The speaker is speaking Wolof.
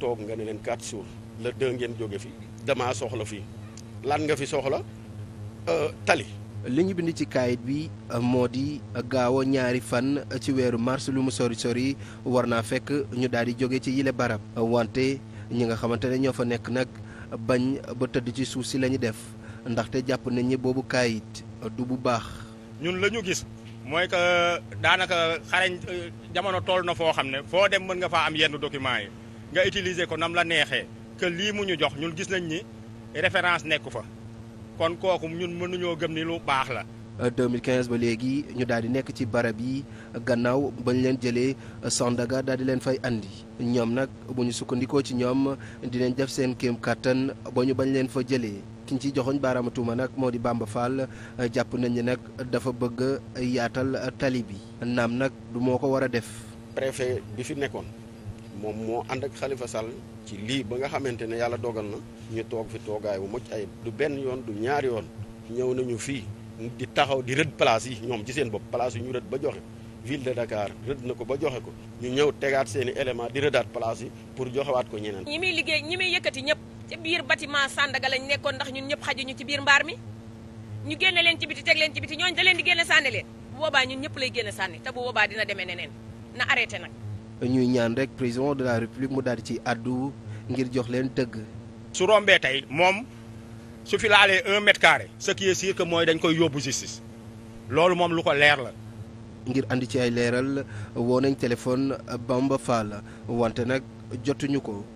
toog nga ne leen quatre jours le deux ngeen jóge fi damaa soxla fii lan nga fi soxla euh, tali. li ñu bind ci kaayit bi euh, moo di gaaw a ñaari fan euh, ci weeru mars lu mu sori sori war naa fekk ñu daal di jóge ci yile barab. wante ñi nga xamante ne ñoo fa nekk nag bañ ba tëdd ci suuf si la ñu def ndaxte jàpp nañ ñi boobu kaayit du bu baax. ñun la gis mooy que daanaka xarañ jamono tool na foo xam ne foo dem mën nga faa am yenn documents yi. nga utiliser ko nam la neexee que lii mu ñu jox ñul gis nañ ni référence nekku fa kon kooku ñun mënuñoo gëm ni lu baax la. 2015 euh, ba léegi ñu daal di nekk ci barab yi gannaaw ba leen jëlee Sandaga daal di leen fay andi ñoom nag bu ñu sukkandikoo ci ñoom dinañ def seen kéem kattan ba ñu bañ leen fa jëlee ki ñu ciy joxoñ baaraama nag moo di Bamba fàll euh, jàpp nañ ni nag dafa bëgg yaatal tali bi naam nag du moo ko war a def. préfet bi fi nekkoon. moom moo ànd xalifa Khalifa Sall ci lii ba nga xamante ne yàlla dogal na ñu toog fi toogaay bu mucc ay du benn yoon du ñaari yoon ñëw nañu fii di taxaw di rëdd place ñoom ci seen bopp place ñu rëdd ba joxe ville de Dakar rëdd na ko ba joxe ko ñu ñëw tegaat seen i di rëddaat place yi pour joxewaat ko ñeneen. ñi muy liggéey ñi muy yëkkati ñëpp ci biir bâtiment Sandaga lañ nekkoon ndax ñun ñëpp xajuñu ci biir mbaar mi ñu génne leen ci biti teg leen ci biti ñooñu da leen di génne sànni leen bu ñun ñëpp lay génne sànni te bu boobaa demee neneen arrêté nag ñuy ñaan rek président de la république mu daal ci àddu ngir jox leen dëgg. su rombee tey moom su fi laalee un mètre carré. ce qui est sûr mooy dañ koy yóbbu justice loolu moom lu ko leer la. ngir indi ci ay leeral woo nañ téléphone Bamba Fall wante nag jotuñu ko.